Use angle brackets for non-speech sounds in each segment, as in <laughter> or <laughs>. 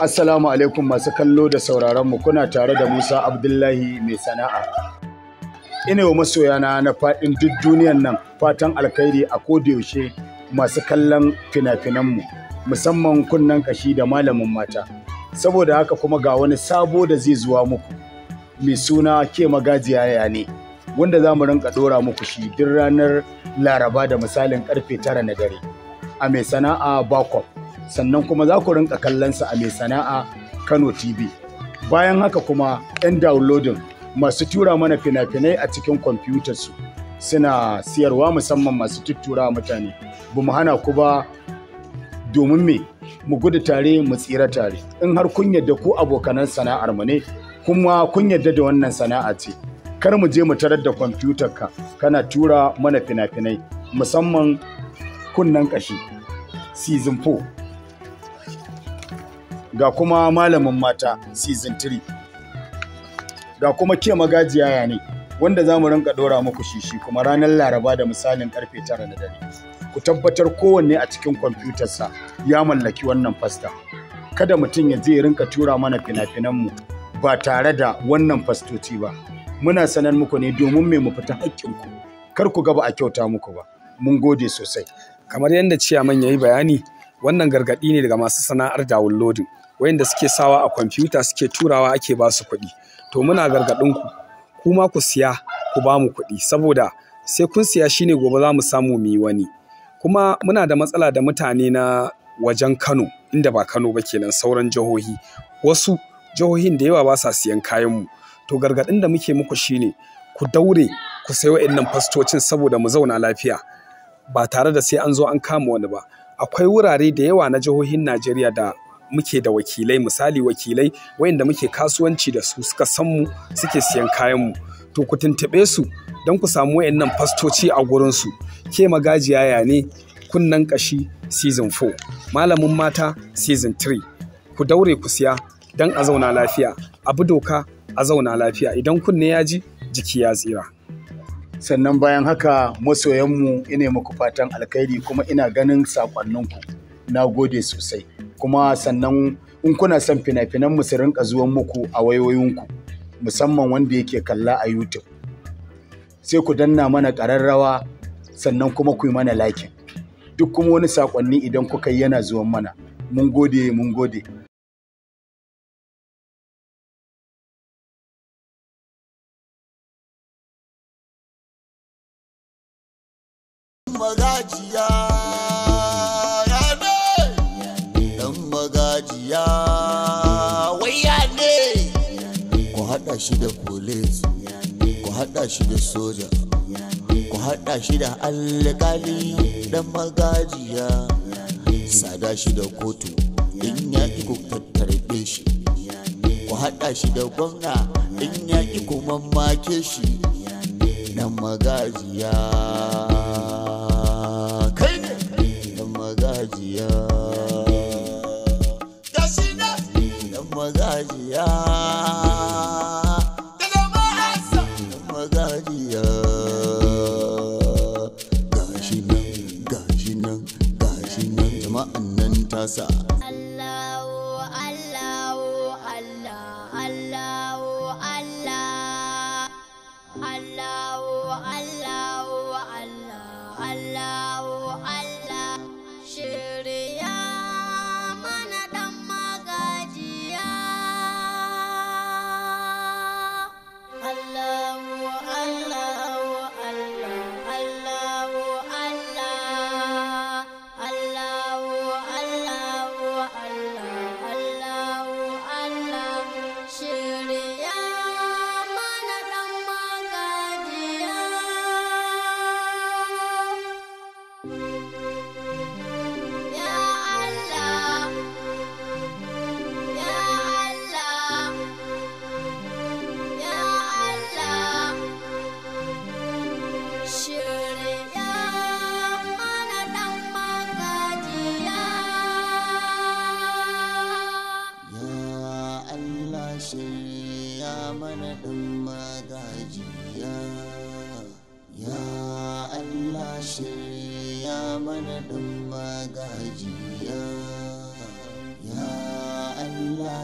Assalamu alaikum masu kallo da sauraronmu kuna tare da Musa Abdullahi mai sana'a. Ina wa masoyana na faɗin duk duniyan nan fatan alkhairi a yaushe masu kallon fina-finanmu musamman kunnen ƙashi da malamin mata. Saboda haka kuma ga wani sabo da zai zuwa muku mai suna ke magajiya ya ne wanda za mu rinka ɗora muku shi duk ranar laraba da misalin karfe tara na dare a mai sana'a bakwai. sannan kuma za ku rinka kallon sa a mai sana'a Kano TV. Bayan haka kuma 'yan downloading masu tura mana fina-finai a cikin kwamfutarsu suna siyarwa musamman masu tuttura mutane. Ba mu hana ku ba domin me mu gudu tare mu tsira tare. In har kun yadda ku abokanan sana'ar mu ne kuma kun yadda da wannan sana'a ce. Kar mu je mu tarar da kwamfutarka kana tura mana fina-finai musamman kunnen ƙashi. Season 4 ga kuma malamin mata season 3 ga kuma ke magajiya ya ne wanda za mu rinka ɗora muku shishi kuma ranar laraba da misalin karfe tara na dare ku tabbatar kowanne a cikin kwamfutarsa ya mallaki wannan fasta kada mutum ya je rinka tura mana fina finan mu ba tare da wannan fastoci ba muna sanar muku ne domin mai mu fita hakkinku kar ku gaba a kyauta muku ba mun gode sosai kamar yadda ciyaman ya yi bayani wannan gargaɗi ne daga masu sana'ar downloading wayanda suke sawa a kwamfuta suke turawa ake ba su kuɗi to muna gargaɗin ku kuma ku siya ku ba mu kuɗi saboda sai kun siya shine gobe za mu samu mu yi wani kuma muna da matsala da mutane na wajen Kano inda ba Kano ba kenan sauran jihohi wasu jihohin da yawa ba sa siyan kayan mu to gargaɗin da muke muku shine ku daure ku sayo wa'annan fastocin saboda mu zauna lafiya ba tare da sai an zo an kama wani ba akwai wurare da yawa na jihohin Najeriya da muke da wakilai misali wakilai wayanda muke kasuwanci da su suka san mu suke siyan kayan mu to ku tuntuɓe su don ku samu wayannan fastoci a gurin su ke magajiya ya ne kunnan kashi season 4 malamin mata season 3 ku daure ku siya don a zauna lafiya abu doka a zauna lafiya idan kunne ya ji jiki ya tsira sannan bayan haka masoyanmu ina muku fatan alkhairi kuma ina ganin sakonninku. na gode sosai kuma sannan in kuna son fina-finan mu su rinka zuwan muku a wayoyinku musamman wanda yake kalla a youtube sai ku danna mana ƙararrawa sannan kuma ku yi mana likin duk kuma wani saƙonni idan kuka yi yana zuwan mana mun gode mun gode magajiya hada shi da police ku hada shi da soja ku hada shi da alƙali da magajiya sada shi da kotu in ya ku tattarbe shi ku hada shi da gwamna in ya ku mamake shi na magajiya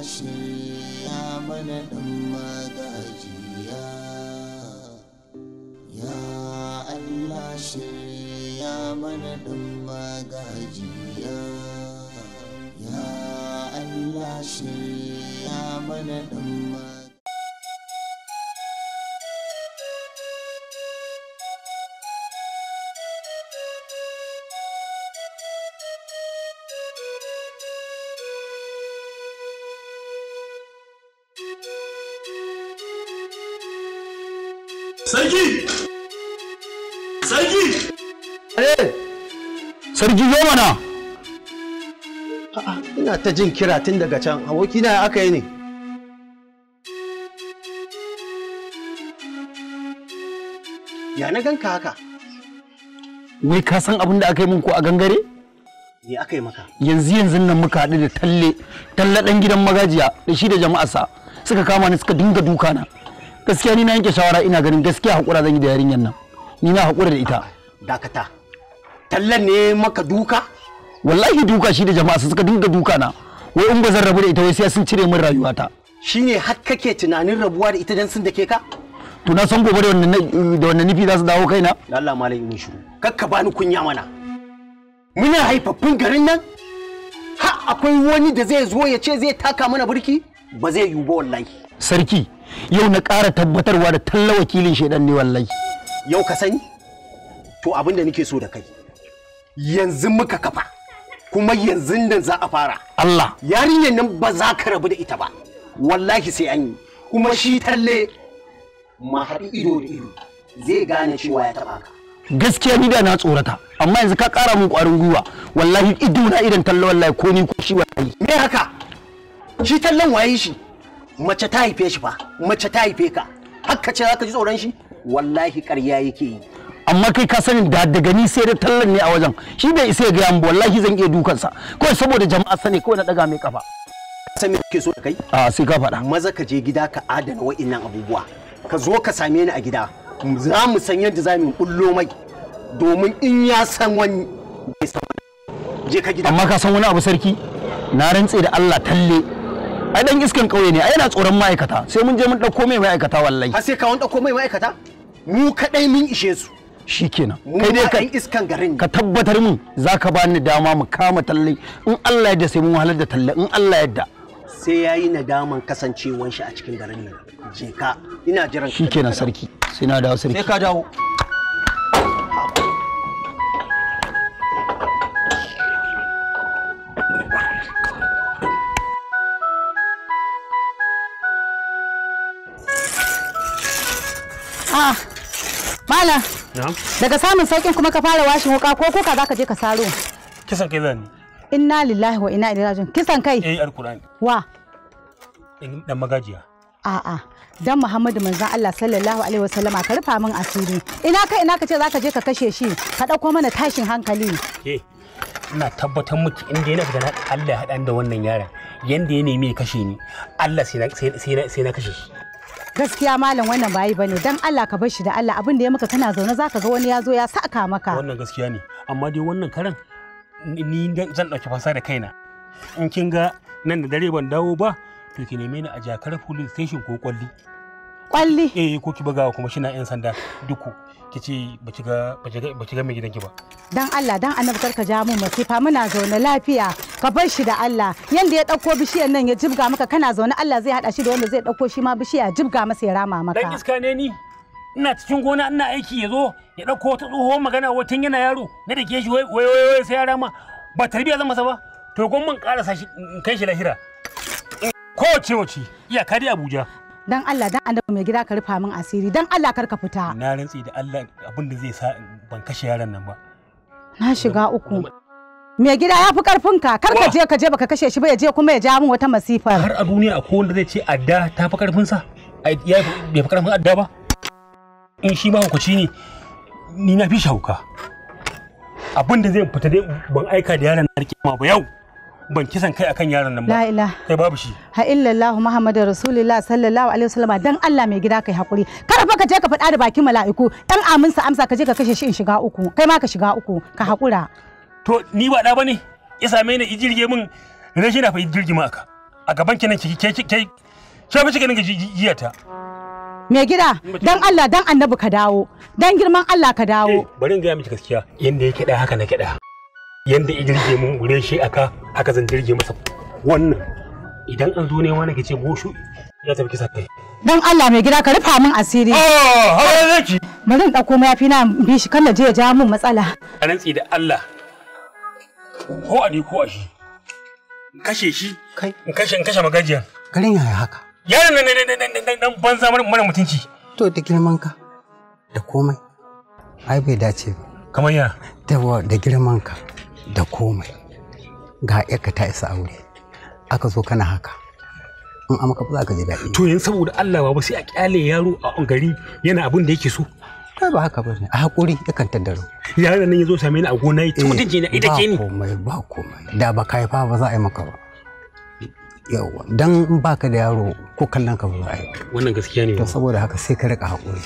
ya mana ɗan magajiya ya Allah ya mana ɗan magajiya ya Allah ya mana ɗan Sarki! Sarki! Eh! Sarki zo mana! A'a, ina ta jin kira tun daga can, abokina aka yi ne. Ya na ganka haka? Wai ka san abin da aka yi min ko a gangare? Me aka yi maka? Yanzu yanzu nan muka haɗu da talle, talle ɗan gidan magajiya da shi da jama'arsa suka kama ni suka dinga duka na. gaskiya ni na yanke shawara ina ganin gaskiya hakura zan yi da yarinyar nan ni na hakura da ita dakata tallan ne maka duka wallahi duka shi da jama'a su suka dinga duka na wai in bazan rabu da ita wai sai sun cire min rayuwata shine har kake tunanin rabuwa da ita dan sun dake ka to na san gobe da wannan da wannan nufi za su dawo kaina Allah malam mun shiru kakka bani kunya mana muna haifaffin garin nan ha akwai wani da zai zo ya ce zai taka mana burki ba zai yiwu ba wallahi sarki yau na ƙara tabbatarwa da talla wakilin shaidan ne wallahi yau ka sani to abin da nake so da kai yanzu muka kafa kuma yanzu nan za a fara Allah yarinyar nan ba za ka rabu da ita ba wallahi sai an yi kuma shi talle ma haɗi ido da ido zai gane cewa ya taɓa ka gaskiya ni da na tsorata amma yanzu ka ƙara min ƙwarin gwiwa wallahi ido na idan talla wallahi ko ni ko shi wallahi me haka shi tallan waye shi mace ta haife shi fa mace ta haife ka ka ce zaka ji tsoron shi wallahi ƙarya yake yi amma kai ka sani da daga ni sai da tallan ne a wajen shi bai isa ya ga mu wallahi zan iya sa. ko saboda jama'a sani ko na daga mai kafa san me kake so da kai a ah, sai ka faɗa maza ka je gida ka adana wa'annan abubuwa ka zo ka same ni a gida za mu san yadda za mu kullo mai domin in ya san wani bai san wani je ka gida amma ka san wani abu sarki na rantse da Allah talle ai dan iskan kauye ne ai yana tsoron ma'aikata sai mun je mun dauko mai ma'aikata wallahi har sai ka wani dauko mai ma'aikata mu kadai mun ishe su shikenan kai dai ka iskan garin ka tabbatar mun zaka ba ni dama mu kama talle in Allah ya da sai mun halar da talle in Allah ya da sai yayi nadaman kasancewan shi a cikin garin nan je ka ina jiran shikenan sarki sai na dawo sarki sai ka dawo daga samun saukin kuma ka fara washin wuka ko kuka za ka je ka saro kisan kai zan inna lillahi wa inna ilaihi rajiun kisan kai eh alqur'ani wa dan magajiya a'a dan Muhammadu manzon Allah sallallahu alaihi sallama ka rufa min asiri ina kai ina ka ce ka je ka kashe shi ka dauko mana tashin hankali eh ina tabbatar miki inda yana fita Allah ya haɗa da wannan yaron yanda ya nemi ya kashe ni Allah sai na kashe shi gaskiya malam wannan ba yi bane dan Allah ka bashi da Allah abin da ya maka kana zaune zaka ga wani ya zo ya saka maka wannan gaskiya ne amma dai wannan karan ni zan dauki fasa da kaina in kin ga nan da dare ban dawo ba to ki neme ni a jakar police station ko kwalli kwalli eh ko ki bugawa kuma shi na yan sanda duku ki ce baki ga ga mai gidanki ba dan Allah dan annabi ka ja mun masifa muna zaune lafiya ka bar shi da Allah yanda ya dauko bishiyar nan ya jibga maka kana zaune Allah zai hada shi da wanda zai dauko shi ma bishiya jibga masa ya rama maka dan iska ne ni ina cikin gona ina aiki ya zo ya dauko wata tsohuwar magana watan yana yaro na dake shi wai wai wai sai ya rama ba tarbiya zan masa ba to gwamman karasa shi kai shi lahira kowace wace iyaka dai Abuja dan Allah dan annabi mai gida ka rufa min asiri dan Allah kar ka fita na rantsi da Allah abin da zai sa ban kashe yaran nan ba na shiga uku mai gida ya fi karfin ka kar ka je ka je baka kashe shi ba ya je kuma ya ja min wata masifa har a duniya akwai wanda zai ce adda ta fi karfin sa ya bai fi karfin adda ba in shi ma hukunci ne ni na fi shauka abin da zai fita dai ban aika da yaran na rike ma ba yau ban kisan kai akan yaron nan ba la ilaha kai babu shi ha illallahu muhammadu rasulullah sallallahu alaihi wasallam dan Allah mai gida kai hakuri kar fa ka je ka faɗa da bakin mala'iku dan amin sa amsa ka je ka kashe shi in shiga uku kai ma ka shiga uku ka hakura to ni ba da bane ya same ni ijirge min Ne shi na fa ijirge min aka a gaban ki nan ki ke ke ke ba shiga jiya ta mai gida dan Allah dan annabi ka dawo dan girman Allah ka dawo eh, bari in ga miki gaskiya yanda yake da haka na kiɗa yanda ya jirge mun gure shi aka haka zan jirge masa wannan idan an zo ne wani ke ce boshu ya tafi kisa kai dan Allah mai gida ka rufa min asiri oh ah, har zaki bari in dauko mayafi na bi shi kalla je ya ja mun matsala a rantsi da Allah ko a ni ko a shi kashe shi kai in kashe in kashe magajiya garin yaya haka yaron nan nan nan banza mara mutunci to da girman ka da komai ai bai dace ba kamar ya da girman ka da komai ga yarka ta isa aure aka zo kana haka in amma ka za ka ji daɗi to yin saboda Allah ba sai a kyale yaro a gari yana abin da yake so kai ba haka bane a hakuri yakan taddaro yaron nan yazo same ni a gona yace eh, mutunci na ita ke ni ba komai ba komai da ba kai fa ba za a yi maka ba yawa dan in baka da yaro ko kallon ka ba za a yi wannan gaskiya ne to saboda haka sai ka rika hakuri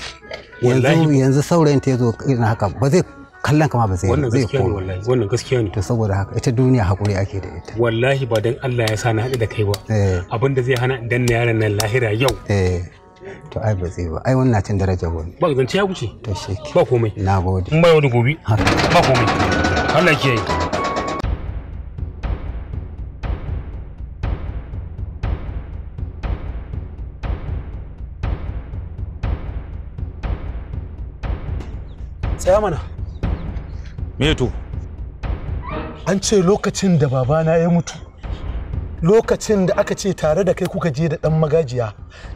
yanzu yanzu saurayin ta yazo irin haka ba zai kallon kama ba zai yi gaskiya wallahi wannan gaskiya ne to saboda haka ita duniya hakuri ake da ita wallahi ba dan Allah ya sa na haɗu da kai ba eh. abin da zai hana dan na yaran nan lahira yau eh. to ai ba zai ba ai wannan cin daraja ba ba zance ya wuce to sheki ba komai na gode in ba yau gobe ba komai Allah ke yi tsaya mana me an ce lokacin da babana ya mutu lokacin da aka ce tare da kai kuka je da dan magajiya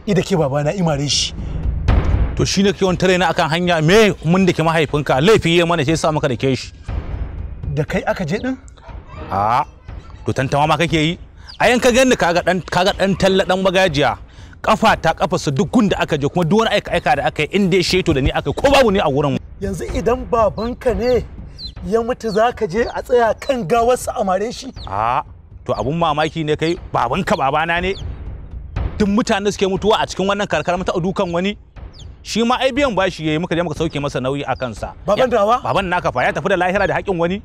ida ke babana imare shi to shine ke wani tare na akan hanya me mun da ke mahaifinka laifi ya mana sai sa maka da ke shi da kai aka je din a to tantama ma kake yi a yanka ganni kaga dan kaga dan talla dan magajiya kafa ta kafa su duk gunda aka je kuma duk wani aika aika da aka yi inda ya sheto da ni aka ko babu ne a wurin yanzu idan babanka ne ya mutu za ka je a tsaya kan gawarsa a mare shi? A, to abun mamaki ne kai babanka babana ne. Duk mutane suke mutuwa a cikin wannan karkar mata dukan wani. Shi ma ai biyan bashi yi muka je muka sauke masa nauyi a kansa. Baban dawa? Baban naka fa ya tafi da lahira da haƙin wani.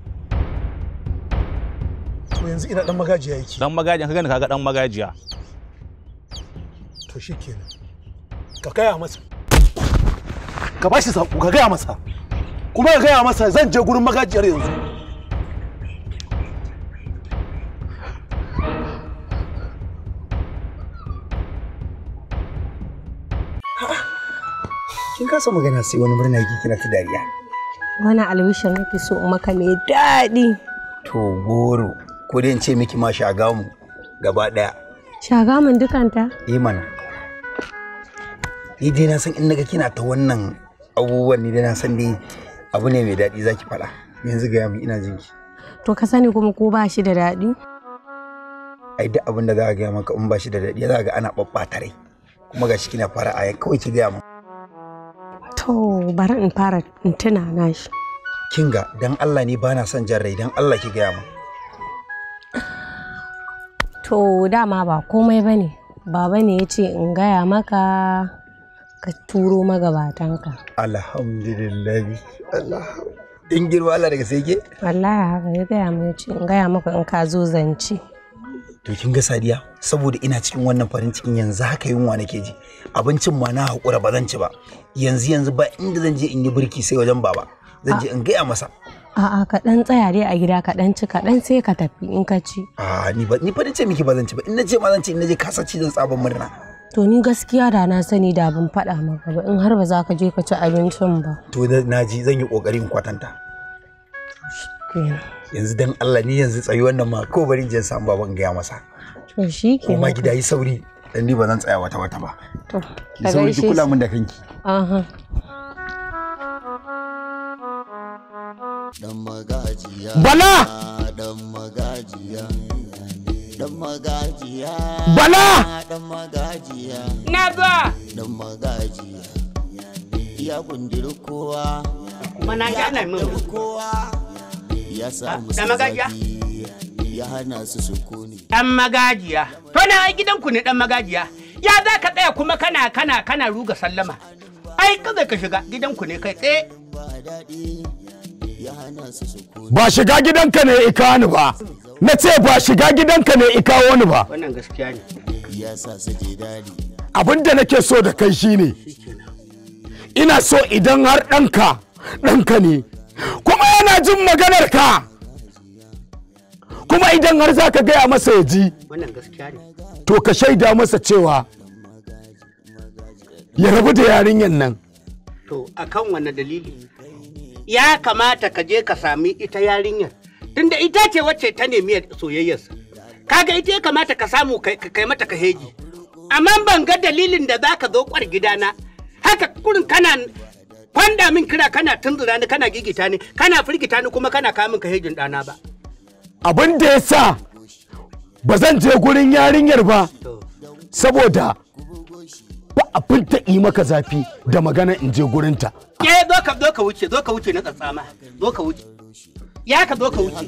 To yanzu ina dan magajiya yake. Dan magajiya ka gani kaga dan magajiya. To shikenan. Ka kaya masa. Ka bashi sako ka gaya masa. kuma ya gaya masa zan je gurin magajiyar yanzu kin kasa magana sai wani murna yake kina ta dariya wani alwishin nake so maka mai daɗi to goro ko dai in ce miki ma shagamu gaba ɗaya shagamun dukanta eh mana ni dai na san in naga kina ta wannan abubuwan ni dai na san dai abu ne mai daɗi zaki faɗa yanzu gaya min ina jinki to ka sani kuma ko ba shi da daɗi ai duk abin da za a gaya maka in ba shi da daɗi za ga ana ɓaɓɓata rai kuma ga shi kina fara a kawai ki gaya min to bari in fara in tuna na shi kinga dan Allah ne bana son jan rai dan Allah ki gaya min to dama ba komai bane baba ne ya ce in gaya maka ka turo magabatanka alhamdulillah in girma Allah daga sai ke wallahi haka ya gaya mu ce in gaya maka in ka zo zance to kin ga sadiya saboda ina cikin wannan farin cikin yanzu haka yunwa nake ji abincin ma na haƙura ba zan ci ba yanzu yanzu ba inda zan je in yi birki sai wajen baba zan je in gaya masa a'a ka dan tsaya dai a gida ka dan ci ka dan sai ka tafi in ka ci a ni ba ni fa ce miki ba zan ci ba in na ce ma zan ci in na je kasa ci zan tsaban murna To ni gaskiya da na sani da ban faɗa maka ba in har ba za ka je ka ci abincin ba. To na ji zan yi ƙoƙari in kwatanta. Yanzu dan Allah ni yanzu tsayi wannan ma ko bari je samu baban gaya masa. To shi ke. Kuma gida yi sauri dan ni ba zan tsaya wata wata ba. To ka gaishe shi. kula mun da kanki. Aha. Dan magajiya. Bala. Dan magajiya. bala na ba dan magajiya ya kundiri kowa mana gana min kowa ya samu ah, zaki ya hana su sukuni dan magajiya to na ai ku ne dan magajiya ya za ka tsaya kuma kana kana kana ruga sallama ai kaza ka shiga gidan ku ne kai tsaye ba shiga gidanka ne ika ni ba na ce ba shiga gidanka ne ika wani ba wannan gaskiya ne abin da nake so da kai shine ina so idan har ɗanka ɗanka ne kuma yana jin maganar ka kuma idan har za ka gaya masa ya ji to ka shaida masa cewa ya rabu da yarinyan nan to akan wani dalili ya kamata ka je ka sami ita yarinyar tunda ita ce wacce ta nemi soyayyarsa kaga ita ya kamata ka samu kai mata ka heji amma ban ga dalilin da za ka zo kwar gidana haka kurin kana kwanda min kira kana tunzura ni kana gigita ni kana firgita ni kuma kana kamin ka hejin ɗana ba abin da ya sa ba zan je gurin yarinyar ba saboda ba abin ta yi maka zafi da magana in je gurinta. Ke zo ka zo ka wuce zo ka wuce na tsatsama zo ka wuce. Ya ka zo ka wuce.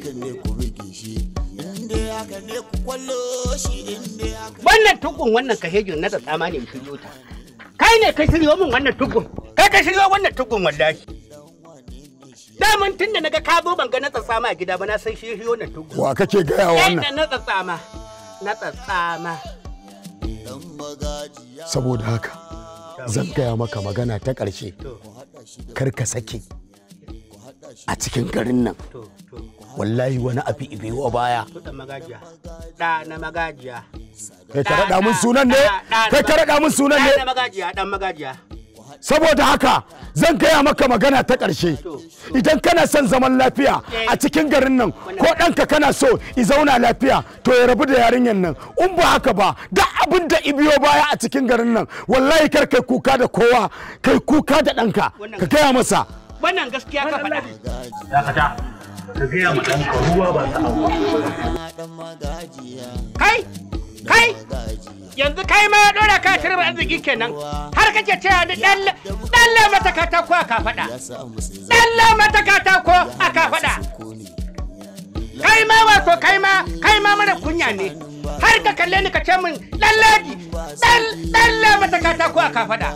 Wannan tukun wannan kahejin na tsatsama ne mutum yota. Kai ne ka shiryo min wannan tukun. Kai ka shiryo wannan tukun wallahi. Daman tun da naga ka zo ban ga na tsatsama a gida ba na san shiryo na tukun. Wa kake gaya wannan? na tsatsama. Na tsatsama. saboda haka zan gaya maka magana ta ƙarshe kar ka sake a cikin garin nan wallahi wani abu ibewa baya da na magajiya kai ka raɗa mun sunan ne kai ka raɗa mun sunan ne dan magajiya dan magajiya saboda haka zan gaya maka magana ta ƙarshe idan kana son zaman lafiya a cikin garin nan ko ɗanka kana so i zauna lafiya to ya rabu da yarinyan nan in ba haka ba da abin da ibiyo baya a cikin garin nan wallahi kar kai kuka da kowa kai kuka da ɗanka ka gaya masa wannan gaskiya ka faɗa dakata gaya ma ɗanka ruwa ba ta kai kai yanzu kai ma ya dora ka turba arziki kenan har kake cewa da dalla mata katako a faɗa, dalla mata katako a kafada kai ma wato kai ma kai ma mara kunya ne har ka kalle ni ka ce min lallaji dalla mata katako a faɗa,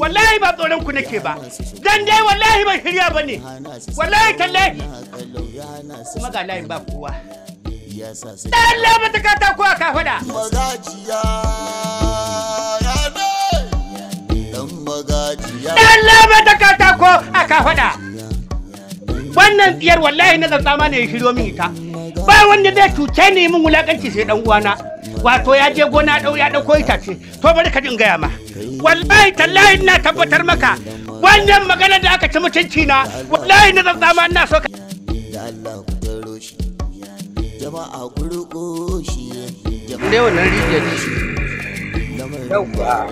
wallahi ba tsoron ku nake ba dan dai wallahi ban shirya bane wallahi tallahi kuma ga layin ba kowa magajiya sa sai Allah mata ka ta kuwa ka fada magajiya ya ne dan magajiya Allah mata ka ta ko ka fada wannan biyar wallahi na tsatsama ne ya shiryo min ita ba wanda zai cuce ni min wulakanci sai dan uwana wato ya je gona dau ya dauko itace to bari ka jin gaya ma wallahi tallahi ina tabbatar maka wannan magana da aka ci mutunci na wallahi na tsatsama ina so ka jama'a kurko shi wannan shi lamarin ba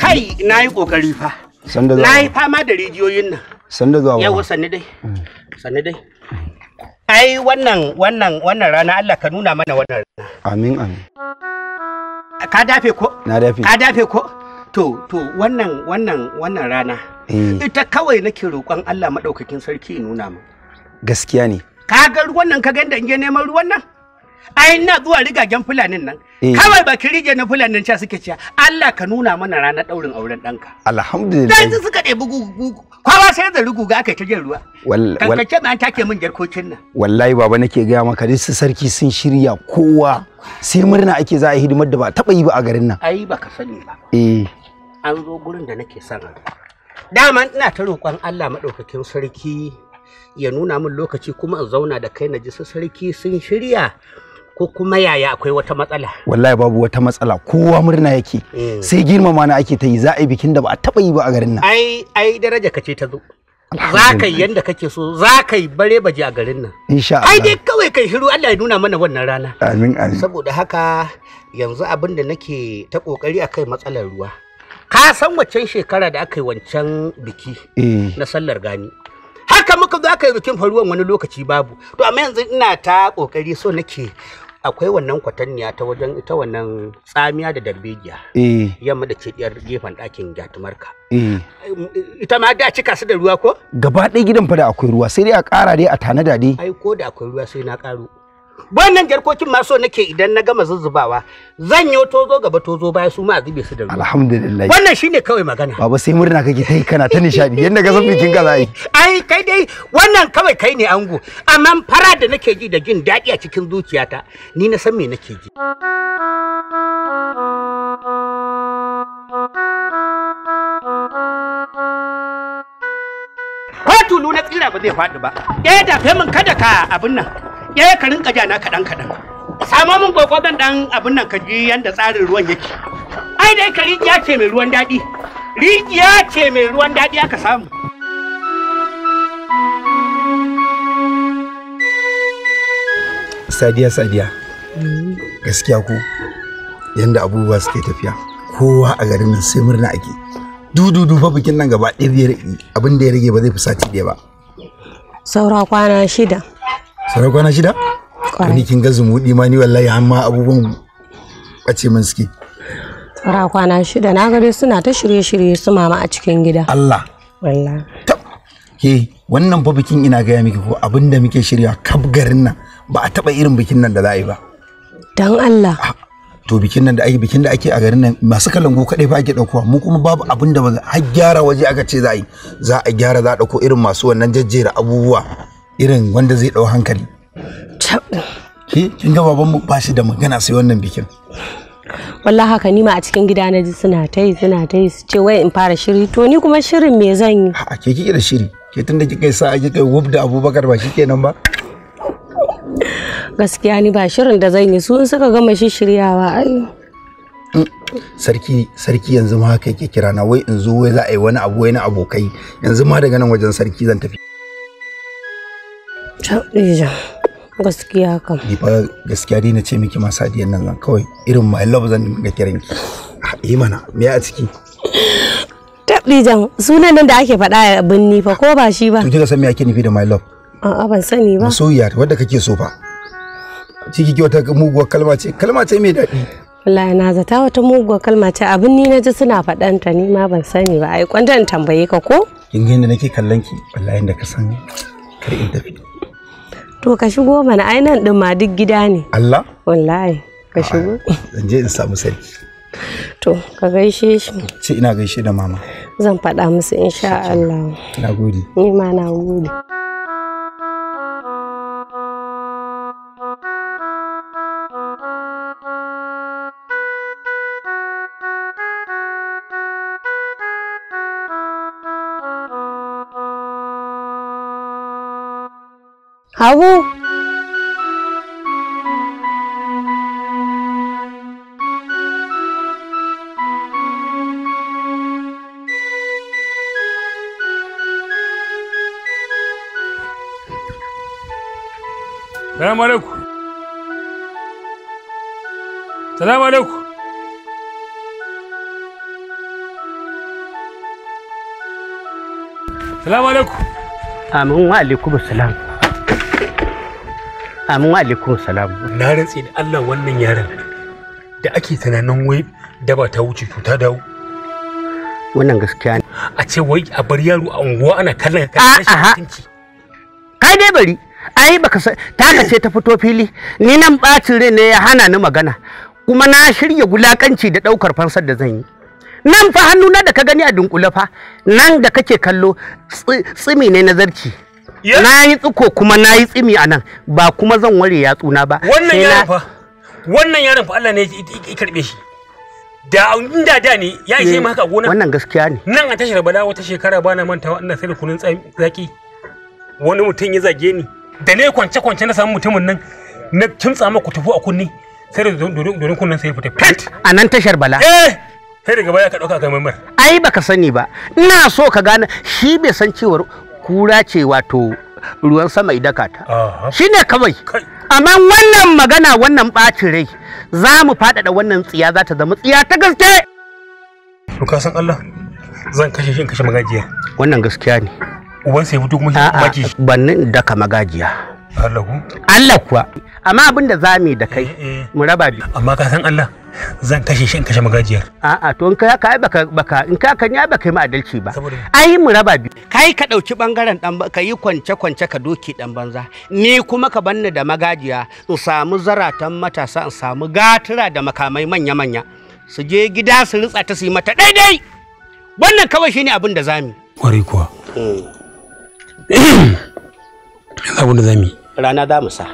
kai na yi kokari fa na yi fama da rijiyoyin nan sanda zuwa yawa sanni dai mm. sanni dai ai wannan wannan wannan rana Allah ka nuna mana wannan rana amin amin ka dafe ko na dafe ka dafe ko to to wannan wannan wannan rana eh. ita kawai nake roƙon Allah maɗaukakin sarki in nuna mu gaskiya ne ka ga ruwan nan ka ga inda in je neman ruwan nan ai ina zuwa rigagen fulanin nan eh. kawai baki rige na fulanin cha suke cewa Allah ka nuna mana ranar daurin auren ɗanka alhamdulillah dai suka ɗebi gugu kwawa sai da rugu ga aka ta jin ruwa ba an take min jarkokin nan wallahi baba nake gaya maka dai su sarki sun shirya kowa sai murna ake za a hidimar da ba taɓa yi ba a garin nan ai baka sani ba eh an zo gurin da nake son hannu daman ina ta roƙon Allah maɗaukakin sarki ya nuna min lokaci kuma in zauna da kai na ji su sarki sun shirya ko kuma yaya akwai wata matsala wallahi babu wata matsala kowa murna yake eh. sai girmama na ake ta yi za a yi bikin da ba a taɓa yi ba a garin nan ai ai daraja ka ta zo za ka yi yadda kake so za ka yi bare baje a garin nan insha Allah ai dai kawai kai shiru Allah ya nuna mana wannan rana amin amin saboda haka yanzu abin da nake ta kokari akai matsalar ruwa ka san waccan shekara da aka yi wancan biki eh. na sallar gani haka muka zo aka yi bikin faruwan wani lokaci babu to amma yanzu ina ta kokari so nake akwai wannan kwatanniya ta wajen ita wannan tsamiya da darbejiya eh. yamma da cediyar gefen ɗakin gatumarka eh. ita ma da cika su da ruwa ko gaba ɗaya gidan fa da akwai ruwa sai dai a ƙara dai a tanada dai ai ko da akwai ruwa sai na ƙaro wannan jarkokin ma so nake idan na gama zuzzubawa zan yi tozo gaba tozo baya su ma zube su da ruwa alhamdulillah wannan shine kawai magana baba sai murna kake kai kana ta nishadi yanda ga zafin kin gaza <laughs> ai kai dai wannan kawai kai ne ango amma fara da nake ji da jin daɗi a cikin zuciyata ni na san me nake ji ko tulu na tsira ba zai faɗi ba ɗaya da kai mun kada ka abin nan ya ya karin kaja na kaɗan kaɗan samo min gwagwagon ɗan abin nan ka ji yadda tsarin ruwan yake ai dai ka rigiya ce mai ruwan daɗi rigiya ce mai ruwan daɗi aka samu sadiya sadiya gaskiya ko yadda abubuwa suke tafiya kowa a garin nan sai murna ake du fa bikin nan gaba ɗaya abin da ya rage ba zai fi sati ɗaya ba saura kwana shida sauran kwana shida Kwana. kin ga zumuɗi ma ni wallahi amma abubuwan bace min suke tsara kwana shida na ga dai suna ta shirye-shirye su mama a cikin gida Allah wallahi ke wannan fa bikin ina gaya miki ko abinda muke shirya kaf garin nan ba a taba irin bikin nan da za a yi ba dan Allah ah, to bikin nan da ake bikin da ake a garin nan masu kalango kadai ba ake daukowa mu kuma babu abin da har gyara waje aka ce za a yi za a gyara za a dauko irin masu wannan jajjera abubuwa irin wanda zai ɗau hankali Ki, kin ga babanmu ba shi da magana sai wannan bikin wallah haka ni ma a cikin gida na ji suna ta yi suna ta yi su ce wai in fara shiri to ni kuma shirin me zan yi a ke kike da shiri ke tunda kika yi sa'a kika wub da abubakar ba shikenan ba gaskiya ni ba shirin da zan yi su in suka gama shi shiryawa ai mm. sarki sarki yanzu ma haka yake kira na wai in zo wai za a yi wani abu wai na abokai yanzu ma daga nan wajen sarki zan tafi Khadija gaskiya kam. Ni fa gaskiya dai na ce miki ma sadiyan nan kawai irin my love zan ga kiran ki. Ah, eh mana me a ciki? Khadijan sunan nan da ake faɗa a binni fa ko ba shi ba. To kika san me ake nufi da my love? A'a ban sani ba. Masoyiya wadda kake so fa. Ciki ki wata muguwar kalma ce kalma ce mai daɗi. wallahi na zata wata muguwar kalma ce abin ni naji suna faɗan ta ni ma ban sani ba ai kwanta in tambaye ka ko kin ga inda nake kallon ki wallahi inda ka san kar in tafi to ka shigo mana ai nan din ma duk gida ne Allah wallahi ka shigo zan je in samu sarki to ka gaishe shi ce ina gaishe da mama zan faɗa musu insha Allah na gode ni ma na gode Habu. Salamu alaikum. Salamu alaikum. Salamu alaikum. Amin wa alaikum salam. Amin alaikum salam. Na rantse da Allah wannan yaron da ake tunanin wai da ba ta wuce cuta dawo. Wannan gaskiya ne. A ce wai a bar yaro a unguwa ana kallon ka rashin Kai dai bari. Ai baka san taka ce ta fito fili. Ni nan bacin rai ne ya hana ni magana. Kuma na shirya gulaƙanci da ɗaukar fansar da zan yi. Nan fa hannuna da ka gani a dunkule fa nan da kake kallo tsimi ne na zarci. na yi tsiko kuma na yi tsimi a nan ba kuma zan ware yatsuna ba wannan yaron fa wannan yaron fa Allah ne ya karbe shi da inda da ne ya ishe mu eh, haka gona wannan gaskiya ne nan a tashar bala wata shekara ba na manta ina sai da kunun zaki wani mutum ya zage ni da ne kwance kwance na samu mutumin nan na kimtsa ku tafi a kunni sai da dorin kunnan sai ya fita pet a nan tashar bala eh sai daga baya ka dauka kai mai ai baka sani ba ina so ka gane shi bai san cewar kura ce wato ruwan sama idaka ta shine kawai amma wannan magana wannan ɓacin rai za mu faɗaɗa wannan tsiya za ta zama tsiya ta gaske to ka san Allah zan kashe shi in kashe magajiya wannan gaskiya ne uban sai fito kuma shi magajiya. bannin daka magajiya Allah kuwa amma abin da za mu da kai eh, eh. mu raba biyu amma ka san Allah zan kashe shi in kashe magajiyar a'a to in ka yi baka baka in ka kan ya baka ma adalci ba ai mu raba biyu kai ka dauki bangaren dan ka yi kwance kwance ka doki dan banza ni kuma ka banni da magajiya in samu zaratan matasa in samu gatura da makamai manya manya su je gida su ritsa ta su yi mata daidai wannan kawai ne abin da zamu kwarai kuwa mm. <coughs> yanzu abin da zamu yi rana za mu sa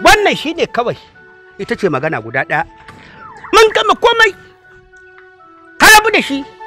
wannan shi ne kawai ita ce magana guda ɗaya mun gama komai ka rabu da shi